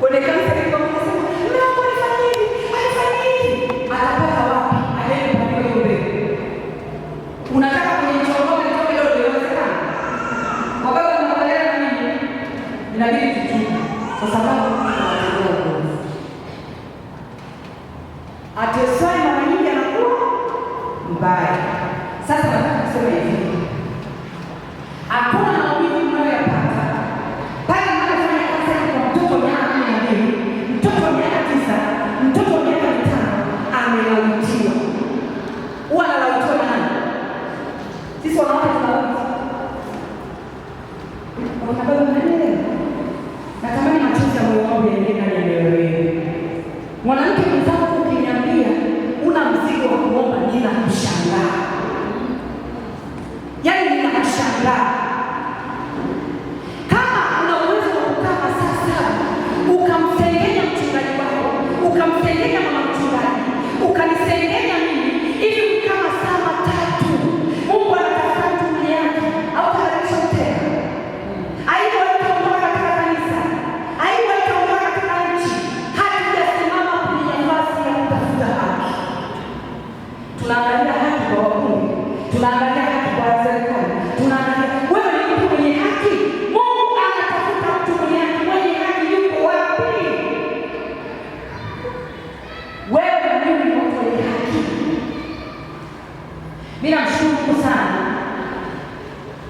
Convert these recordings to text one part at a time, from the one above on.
kuonekana kwa Mungu, Mungu nifanyeje? Anifanyeje?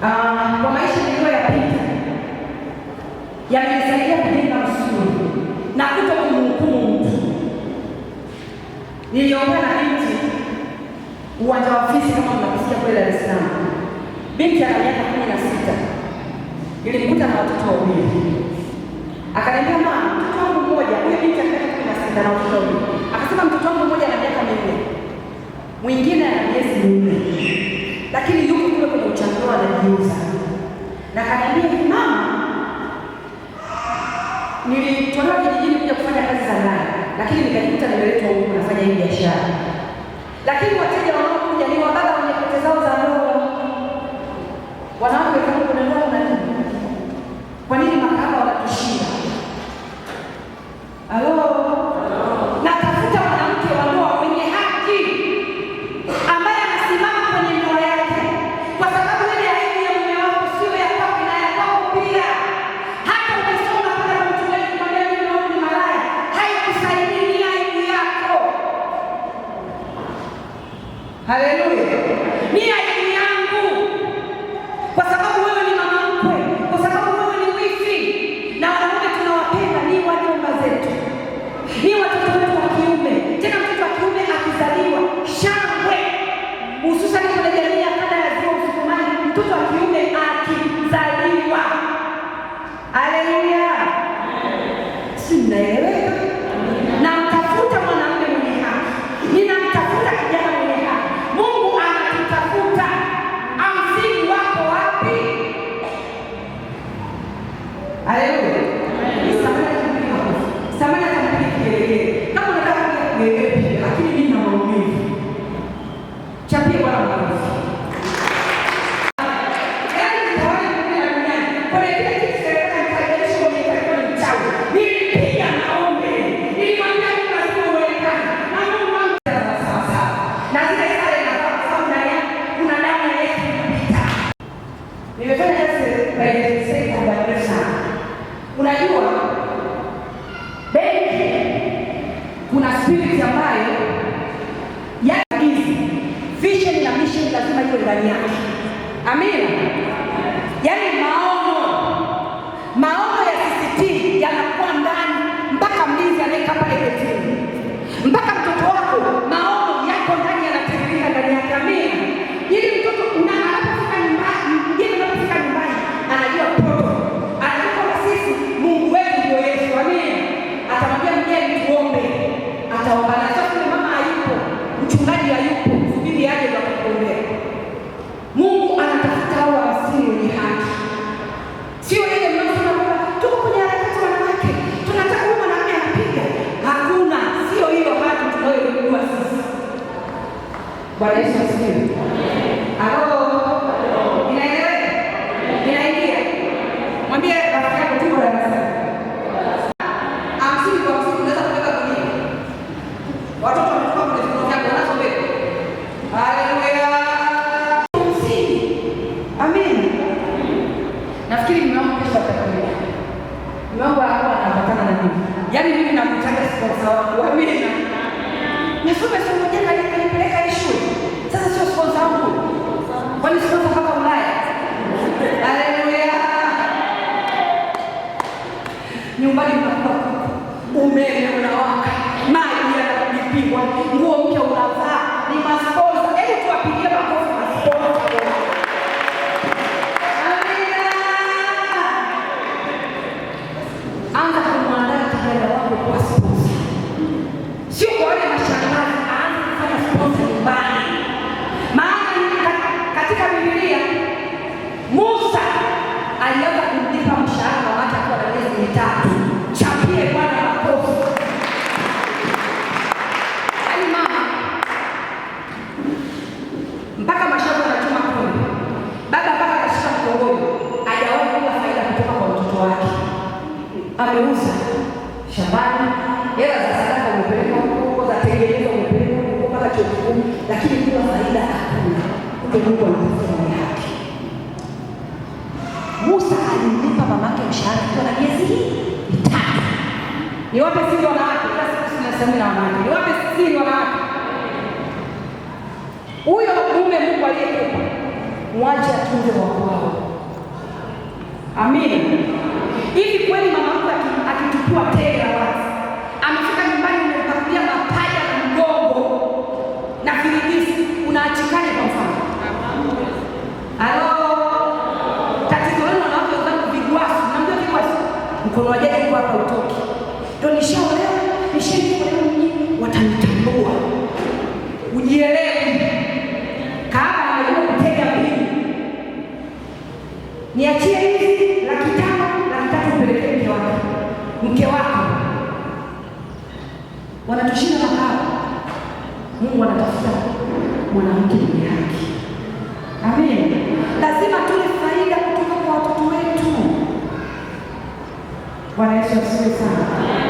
Ah, kwa maisha niliyoyapita yamenisaidia kujenga msuri na kuto kumhukumu mtu. Niliongea na binti uwanja wa ofisi, kama mnakusikia kule Dar es Salaam. Binti ana miaka kumi na sita, nilimkuta na watoto wawili. Akaniambia mama, mtoto wangu mmoja huyo, binti ana miaka kumi na sita na watoto wawili. Akasema mtoto wangu mmoja ana miaka minne, mwingine ana miezi minne, lakini yuko kule kwenye akiwa anajiuza, na kaniambia hivi, mama, nilitolewa kijijini kuja kufanya kazi za ndani, lakini nikajikuta nimeletwa huku nafanya hii biashara, lakini wateja wanaokuja ni wababa wenye pete zao za ndoa, wanawake Mira, พูดถึงบ้าน mwache atunze wa kwao. Amina. Hivi kweli mama mtu akitupua tege la watu amefika nyumbani, umempakulia mapaja na mgongo na filibisi, unaachikana kwa mfano halo. Tatizo lenu wanawake wenzangu, vigwasi. Mnamjua vigwasi? Mkono wa jana hapa utoki, ndio nishaolewa nishaolewa niachie hizi laki tano laki tatu upelekee mke wako mke wako. Wanatushinda makao. Mungu anatafuta mwanamke mwenye haki. Amen. Lazima tule faida kutoka kwa watoto wetu. Bwana Yesu asifiwe sana.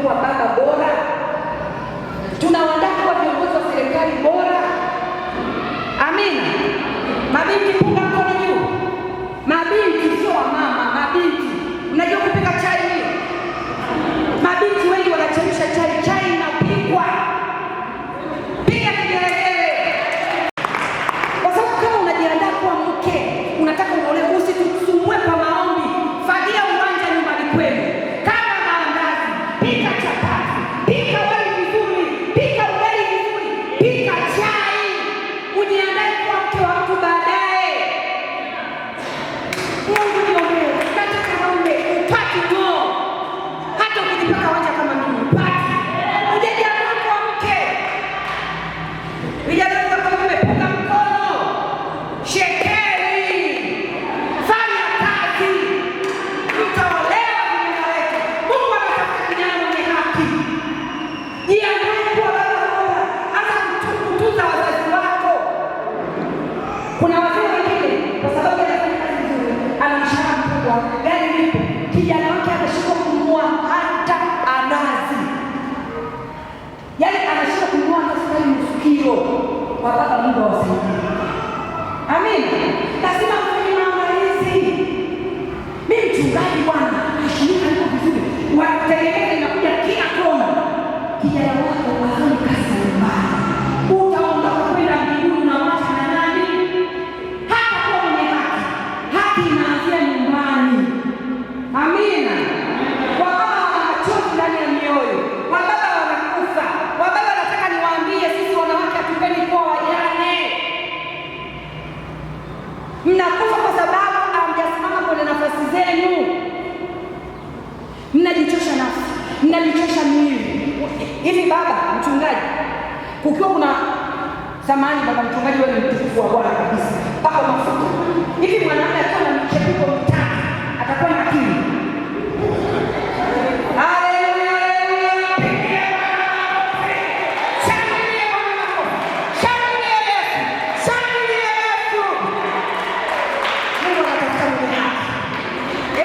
kuwa baba bora? tunawandaa kuwa viongozi wa serikali bora? Amina. Mabinti, punga mkono juu. Mabinti sio mama, mabinti unajua kupika chai hiyo? Mabinti wengi wanachemsha chai, chai inapikwa. Piga kigelegele.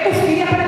¡Gracias!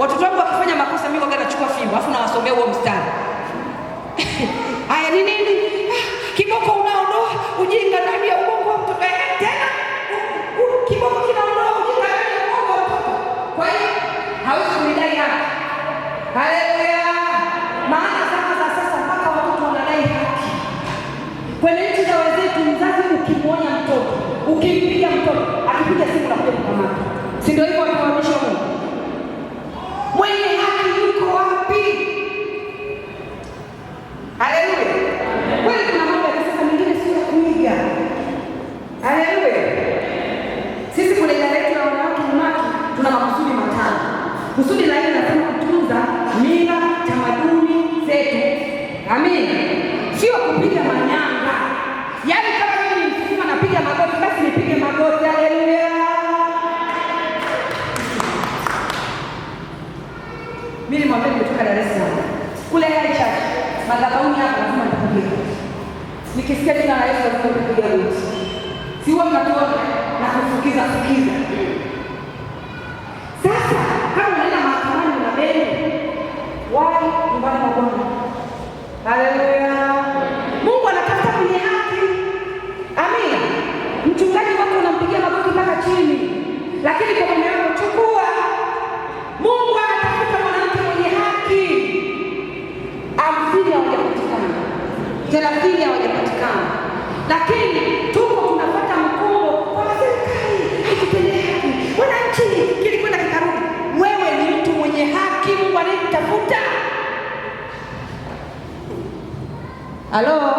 watoto wangu wakifanya makosa, mimi waga nachukua fimbo afu nawasomea huo mstari haya ni nini? Ah, kiboko unaondoa ujinga ndani ya ubongo wa mtoto eh, tena, kiboko kinaondoa ujinga ndani ya ubongo wa mtoto. Kwa hiyo hawezi kuidai hapa Haleluya! Maana zama za sasa mpaka watoto wanadai haki. Kwenye nchi za wenzetu, mzazi ukimwonya mtoto, ukimpiga mtoto, akipiga simu na kuja kukamata, si ndio hivyo? Mwenye haki yuko wapi? Haleluya! Kweli kuna mambo ya kisasa mengine sio ya kuiga. Haleluya! Sisi kwenye letu ya wanawake umaki tuna makusudi matano. Kusudi la hili nasema kutunza mila, tamaduni zetu. Amin. Sio kupiga manyanga. Yaani kama mimi ni napiga magoti, basi nipige magoti. Haleluya! mwambie kutoka Dar es Salaam. Kule yale chache, madhabahuni hapa lazima nikupigie. Nikisikia jina la Yesu lazima nikupigie goti. Si wewe na kufukiza fukiza. Sasa kama unaenda mahakamani na mbele, wai nyumbani kwa Bwana. Haleluya. Mungu anatafuta kwenye haki. Mchungaji wako unampigia magoti mpaka chini. Lakini kwa moyo wako chukua Mungu thelathini hawajapatikana, lakini tuko tunapata mkumbo kwa serikali wananchi, kilikwenda kikarudi. Wewe ni mtu mwenye haki, Mungu Halo.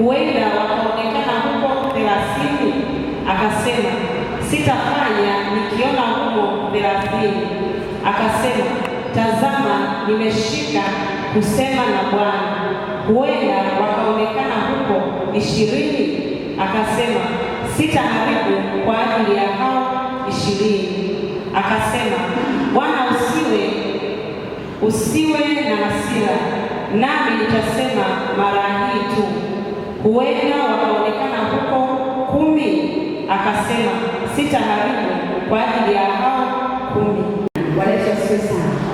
huenda wakaonekana huko thelathini. Akasema sitafanya nikiona huko thelathini. Akasema tazama, nimeshika kusema na Bwana, huenda wakaonekana huko ishirini. Akasema sitaharibu kwa ajili ya hao ishirini. Akasema Bwana, usiwe usiwe na hasira, nami nitasema mara hii tu huenda wakaonekana huko, kumi akasema sitaharibu kwa ajili ya hao kumi. Bwana Yesu asifiwe sana.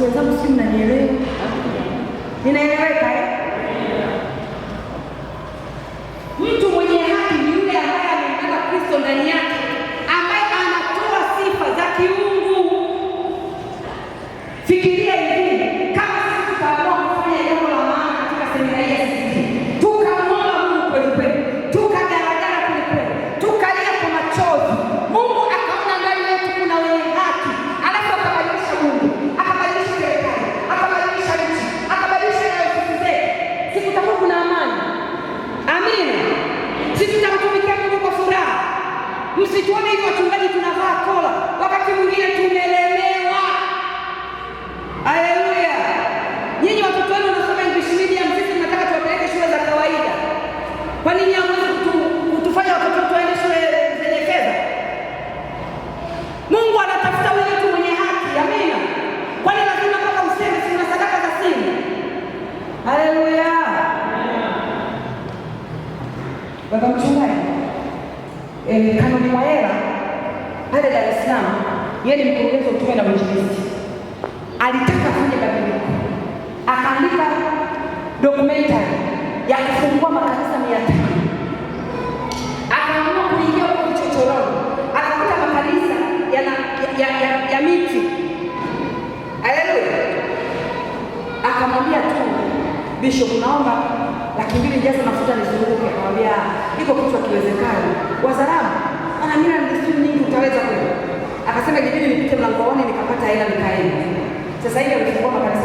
xuống dòng xin là nhiều lên thì này cái you ninyo Vocês